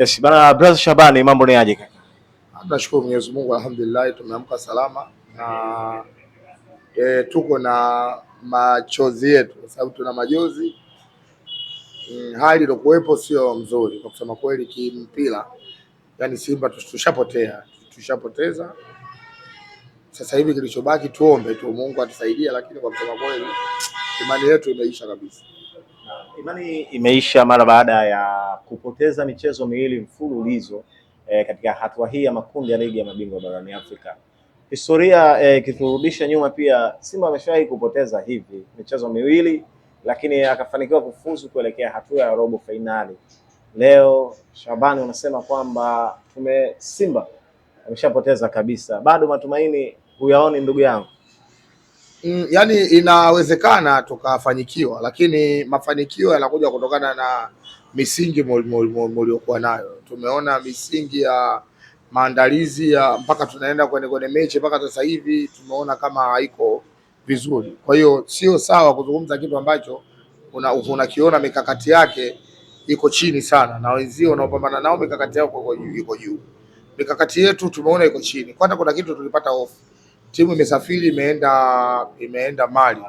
Yes, bana brother Shabani, mambo ni aje kaka? Nashukuru Mwenyezi Mungu, alhamdulillah tumeamka salama na e, tuko na machozi yetu kwa sababu tuna majozi mm, hali iliyokuwepo sio mzuri kwa kusema kweli, kimpira yani Simba tushapotea, tushapoteza. Sasa hivi kilichobaki tuombe tu Mungu atusaidie, lakini kwa kusema kweli imani yetu imeisha kabisa. Imani imeisha mara baada ya kupoteza michezo miwili mfululizo e, katika hatua hii ya makundi ya ligi ya mabingwa barani Afrika. Historia eh, ikiturudisha eh, nyuma, pia Simba ameshawahi kupoteza hivi michezo miwili, lakini akafanikiwa kufuzu kuelekea hatua ya robo fainali. Leo Shabani, unasema kwamba tume Simba ameshapoteza kabisa, bado matumaini huyaoni ndugu yangu? Mm, yani inawezekana tukafanyikiwa, lakini mafanikio yanakuja kutokana na misingi muliokuwa nayo. Tumeona misingi ya maandalizi ya mpaka tunaenda kwenye kwenye mechi mpaka sasa hivi tumeona kama haiko vizuri. Kwa hiyo sio sawa kuzungumza kitu ambacho unakiona una mikakati yake iko chini sana, na wenzio wanaopambana nao mikakati yao iko juu. Mikakati yetu tumeona iko chini, kwanza kuna kitu tulipata hofu timu imesafiri imeenda imeenda Mali,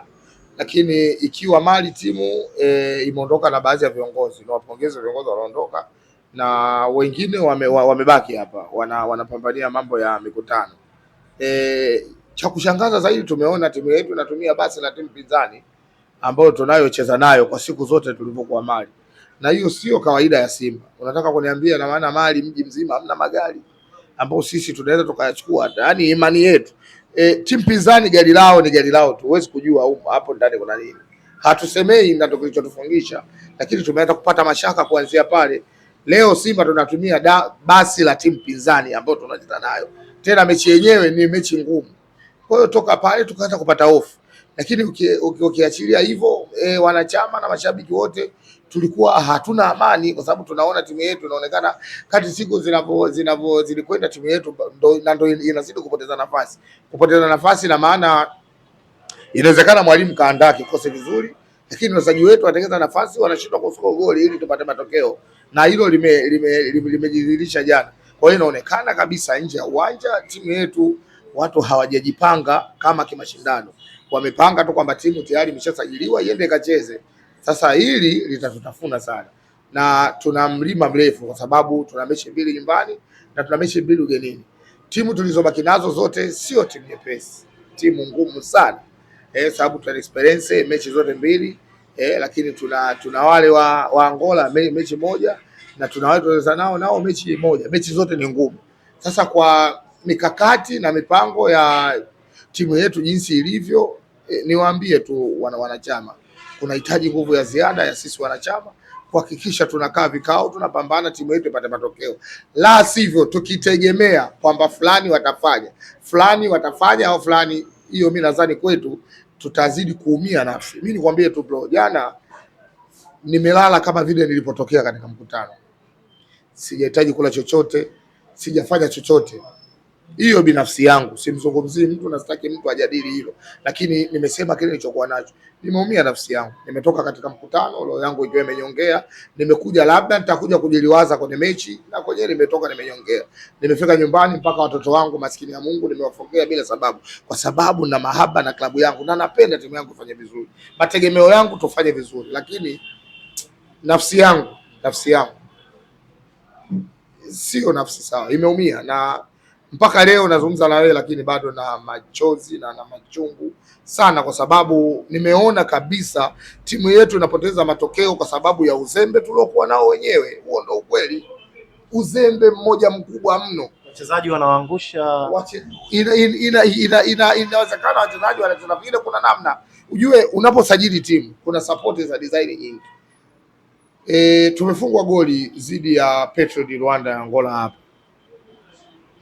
lakini ikiwa Mali timu e, imeondoka na baadhi ya viongozi. Niwapongeze viongozi wanaondoka na wengine wame, wamebaki hapa wana, wanapambania mambo ya mikutano e, cha kushangaza zaidi tumeona timu yetu inatumia basi la timu pinzani ambayo tunayocheza nayo kwa siku zote tulivyokuwa Mali, na hiyo sio kawaida ya Simba. Unataka kuniambia na maana Mali mji mzima hamna magari ambayo sisi tunaweza tukayachukua? Yaani imani yetu e, timu pinzani gari lao ni gari lao tu, huwezi kujua hapo ndani kuna nini. Hatusemei ndio kilichotufungisha, lakini tumeanza kupata mashaka kuanzia pale. Leo Simba tunatumia da, basi la timu pinzani ambayo tunacheza nayo, tena mechi yenyewe ni mechi ngumu. Kwa hiyo toka pale tukaanza kupata hofu. Lakini ukiachilia hivyo e, wanachama na mashabiki wote tulikuwa hatuna amani, kwa sababu tunaona timu yetu inaonekana kati siku zinavyo zinavyo zilikwenda timu yetu ndo, na ndo inazidi kupoteza nafasi, kupoteza nafasi na maana inawezekana mwalimu kaandaa kikosi vizuri, lakini wachezaji wetu watengeza nafasi, wanashindwa kufunga goli ili tupate matokeo, na hilo limejidhihirisha lime, lime, lime jana. Kwa hiyo inaonekana kabisa nje ya uwanja timu yetu watu hawajajipanga kama kimashindano wamepanga tu kwamba timu tayari imeshasajiliwa iende kacheze. Sasa hili litatutafuna sana, na tuna mlima mrefu, kwa sababu tuna mechi mbili nyumbani na tuna mechi mbili ugenini. Timu tulizobaki nazo zote sio timu nyepesi, timu ngumu sana eh, sababu tuna experience mechi zote mbili eh, lakini tuna tuna wale wa, wa Angola me, mechi moja na tuna wale tunaweza nao nao mechi moja. Mechi zote ni ngumu. Sasa kwa mikakati na mipango ya timu yetu jinsi ilivyo e, niwaambie tu wana, wanachama kunahitaji nguvu ya ziada ya sisi wanachama kuhakikisha tunakaa vikao, tunapambana timu yetu ipate matokeo, la sivyo tukitegemea kwamba fulani watafanya fulani watafanya au fulani, hiyo mi nadhani kwetu tutazidi kuumia nafsi. Mi nikwambie tu bro, jana nimelala kama vile nilipotokea katika mkutano, sijahitaji kula chochote, sijafanya chochote. Hiyo binafsi yangu, simzungumzii mtu, nastaki mtu ajadili hilo, lakini nimesema kile nilichokuwa nacho. Nimeumia nafsi yangu, nimetoka katika mkutano, roho yangu ikiwa imenyongea. Nimekuja labda nitakuja kujiliwaza kwenye mechi na kwenye, nimetoka nimenyongea, nimefika nyumbani, mpaka watoto wangu maskini ya Mungu nimewafokea bila sababu, kwa sababu na mahaba na klabu yangu na napenda timu yangu ifanye vizuri, mategemeo yangu tufanye vizuri, lakini nafsi yangu, nafsi yangu sio nafsi sawa, imeumia na mpaka leo nazungumza na wewe, lakini bado na machozi na na machungu sana, kwa sababu nimeona kabisa timu yetu inapoteza matokeo kwa sababu ya uzembe tuliokuwa nao wenyewe. Huo ndio ukweli, uzembe mmoja mkubwa mno. Wachezaji wanawaangusha, inawezekana wachezaji wanacheza vile. Kuna namna ujue, unaposajili timu kuna sapoti za design nyingi. E, tumefungwa goli dhidi ya Petro di Rwanda ya Angola hapa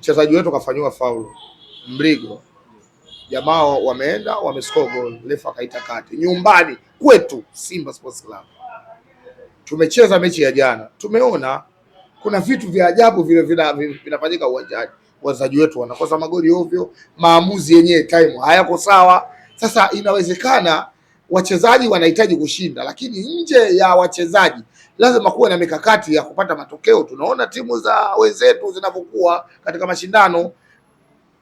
mchezaji wetu kafanywa faulu Mligo, jamaa wameenda wamescore goal, refa kaita kati. Nyumbani kwetu Simba Sports Club tumecheza mechi ya jana, tumeona kuna vitu vya ajabu vile vinafanyika uwanjani. Wachezaji wetu wanakosa magoli ovyo, maamuzi yenyewe time hayako sawa. Sasa inawezekana wachezaji wanahitaji kushinda, lakini nje ya wachezaji lazima kuwe na mikakati ya kupata matokeo. Tunaona timu za wenzetu zinavyokuwa katika mashindano,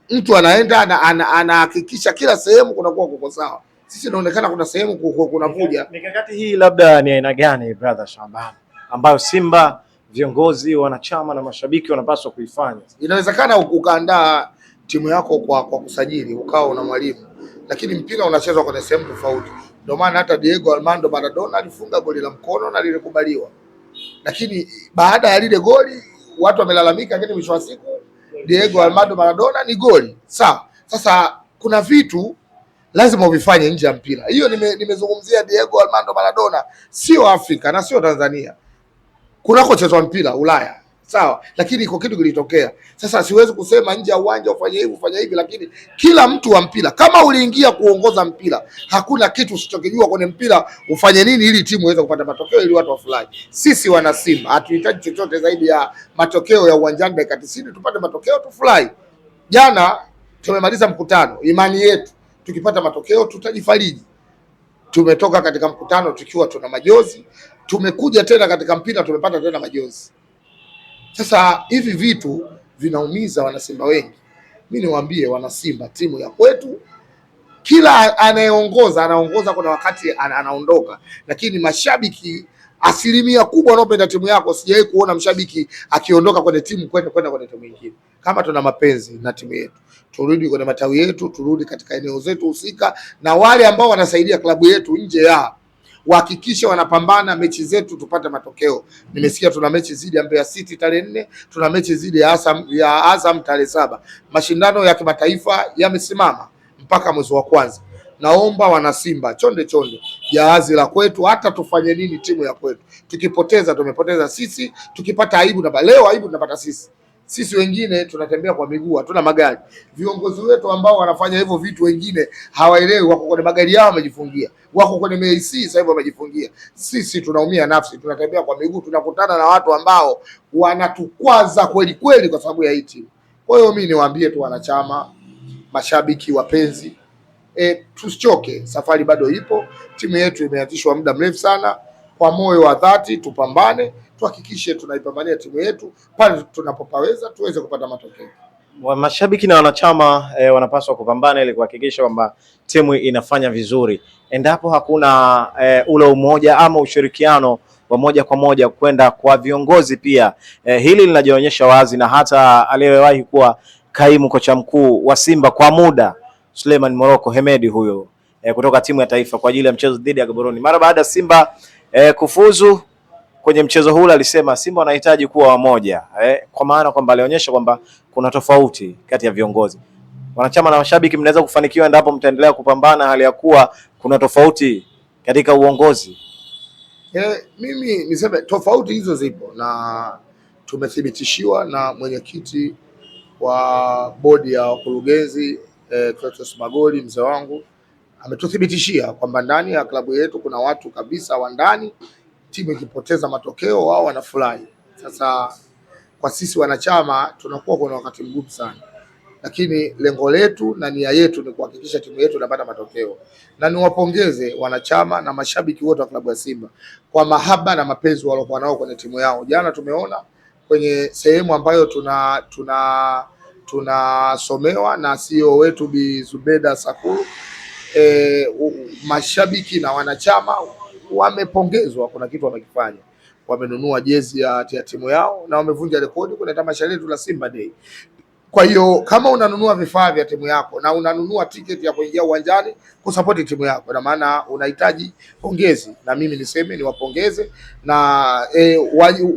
mtu anaenda anahakikisha kila sehemu kunakuwa kuko sawa. Sisi inaonekana kuna sehemu kunavuja. Mikakati hii labda ni aina gani, brother Shambani, ambayo Simba viongozi, wanachama na mashabiki wanapaswa kuifanya? Inawezekana ukaandaa timu yako kwa, kwa kusajili ukawa una mwalimu, lakini mpira unachezwa kwenye sehemu tofauti. Ndio maana hata Diego Armando Maradona alifunga goli la mkono na lilikubaliwa, lakini baada ya lile goli watu wamelalamika, lakini mwisho wa siku Diego Armando Maradona ni goli. Sawa. Sasa kuna vitu lazima uvifanye nje ya mpira. Hiyo nimezungumzia nime Diego Armando Maradona, sio Afrika na sio Tanzania, kunakochezwa mpira Ulaya sawa, lakini iko kitu kilitokea. Sasa siwezi kusema nje ya uwanja ufanye hivi ufanye hivi, lakini kila mtu wa mpira, kama uliingia kuongoza mpira, hakuna kitu usichokijua kwenye mpira, ufanye nini ili timu iweze kupata matokeo ili watu wafurahi. Sisi wana Simba hatuhitaji chochote zaidi ya matokeo ya uwanjani, dakika 90 tupate matokeo tufurahi. Jana tumemaliza mkutano, imani yetu tukipata matokeo tutajifariji. Tumetoka katika mkutano tukiwa tuna majozi, tumekuja tena katika mpira tumepata tena majozi. Sasa hivi vitu vinaumiza wanasimba wengi. Mi niwaambie wanasimba, timu ya kwetu kila anayeongoza anaongoza, kuna wakati anaondoka, lakini mashabiki asilimia kubwa wanaopenda timu yako, sijawahi kuona mshabiki akiondoka kwenye timu kwenda kwenda kwenye timu nyingine. Kama tuna mapenzi na timu yetu, turudi kwenye matawi yetu, turudi katika eneo zetu husika, na wale ambao wanasaidia klabu yetu nje ya wahakikisha wanapambana mechi zetu tupate matokeo. Nimesikia tuna mechi zidi ya Mbeya City tarehe nne, tuna mechi zidi ya Azam, ya Azam tarehe saba. Mashindano ya kimataifa yamesimama mpaka mwezi wa kwanza. Naomba wanasimba, chonde chonde, jahazi la kwetu. Hata tufanye nini, timu ya kwetu tukipoteza tumepoteza sisi, tukipata aibu na leo aibu tunapata sisi. Sisi wengine tunatembea kwa miguu, hatuna magari. Viongozi wetu ambao wanafanya hivyo vitu wengine hawaelewi, wako kwenye magari yao wamejifungia, wako kwenye MC sasa hivi wamejifungia. Sisi tunaumia nafsi, tunatembea kwa miguu, tunakutana na watu ambao wanatukwaza kweli kweli kwa sababu ya hii timu. Kwa hiyo mimi niwaambie tu wanachama, mashabiki, wapenzi, e, tusichoke, safari bado ipo. Timu yetu imeanzishwa muda mrefu sana kwa moyo wa dhati, tupambane, tuhakikishe tunaipambania timu yetu pale tunapopaweza, tuweze kupata matokeo. Mashabiki na wanachama e, wanapaswa kupambana ili kuhakikisha kwamba timu inafanya vizuri. Endapo hakuna e, ule umoja ama ushirikiano wa moja kwa moja kwenda kwa viongozi pia, e, hili linajionyesha wazi na hata aliyewahi kuwa kaimu kocha mkuu wa Simba kwa muda Suleiman Moroko Hemedi huyo e, kutoka timu ya taifa kwa ajili ya mchezo dhidi ya Gaboroni mara baada ya Simba E, kufuzu kwenye mchezo huu alisema Simba wanahitaji kuwa wamoja e, kwa maana kwamba alionyesha kwamba kuna tofauti kati ya viongozi wanachama na mashabiki. Mnaweza kufanikiwa endapo mtaendelea kupambana hali ya kuwa kuna tofauti katika uongozi. E, mimi niseme tofauti hizo zipo na tumethibitishiwa na mwenyekiti wa bodi ya wakurugenzi e, Kratos Magoli mzee wangu ametuthibitishia kwamba ndani ya klabu yetu kuna watu kabisa wa ndani, timu ikipoteza matokeo wao wanafurahi. Sasa kwa sisi wanachama tunakuwa kuna wakati mgumu sana, lakini lengo letu na nia yetu ni kuhakikisha timu yetu inapata matokeo, na niwapongeze wanachama na mashabiki wote wa klabu ya Simba kwa mahaba na mapenzi waliokuwa nao kwenye timu yao. Jana tumeona kwenye sehemu ambayo tuna tuna tunasomewa na CEO wetu Bi Zubeda Sakuru e, mashabiki na wanachama wamepongezwa, kuna kitu wamekifanya wamenunua jezi ya, ya timu yao na wamevunja rekodi kwenye tamasha letu la Simba Day. Kwa hiyo kama unanunua vifaa vya timu yako na unanunua tiketi ya kuingia uwanjani kusapoti timu yako, na maana unahitaji pongezi, na mimi niseme niwapongeze na e,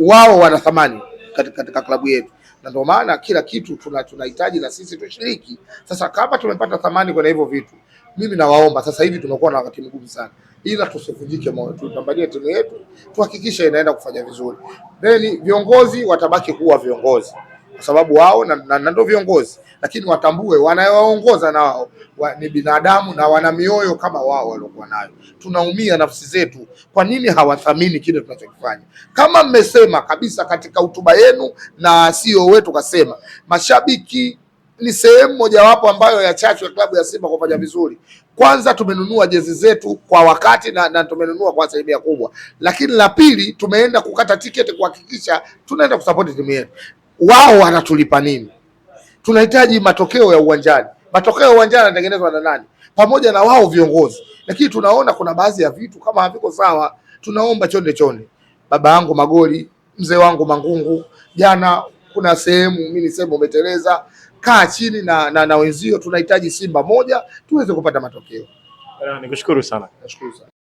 wao wana thamani katika, katika klabu yetu na ndio maana kila kitu tunahitaji tuna na sisi tushiriki. Sasa kama tumepata thamani kwenye hivyo vitu, mimi nawaomba sasa hivi tumekuwa na wakati mgumu sana, ila tusivunjike moyo, tuipambanie timu yetu, tuhakikishe inaenda kufanya vizuri. Then viongozi watabaki kuwa viongozi kwa sababu wao na, na, na ndio viongozi, lakini watambue wanawaongoza na wao wa, ni binadamu na wana mioyo kama wao waliokuwa nayo. Tunaumia nafsi zetu, kwa nini hawathamini kile tunachokifanya? Kama mmesema kabisa katika hotuba yenu na sio e wetu, kasema mashabiki ni sehemu mojawapo ambayo ya chachu ya klabu ya Simba kufanya vizuri. Kwanza tumenunua jezi zetu kwa wakati na, na tumenunua kwa asilimia kubwa, lakini la pili tumeenda kukata tiketi kuhakikisha tunaenda kusapoti timu yetu. Wao wanatulipa nini? Tunahitaji matokeo ya uwanjani. Matokeo ya uwanjani yanatengenezwa na nani? Pamoja na wao viongozi, lakini tunaona kuna baadhi ya vitu kama haviko sawa. Tunaomba chonde chonde, baba yangu Magoli, mzee wangu Mangungu, jana kuna sehemu mimi ni umeteleza kaa chini na, na, na wenzio tunahitaji Simba moja tuweze kupata matokeo. Nikushukuru sana. Nashukuru sana.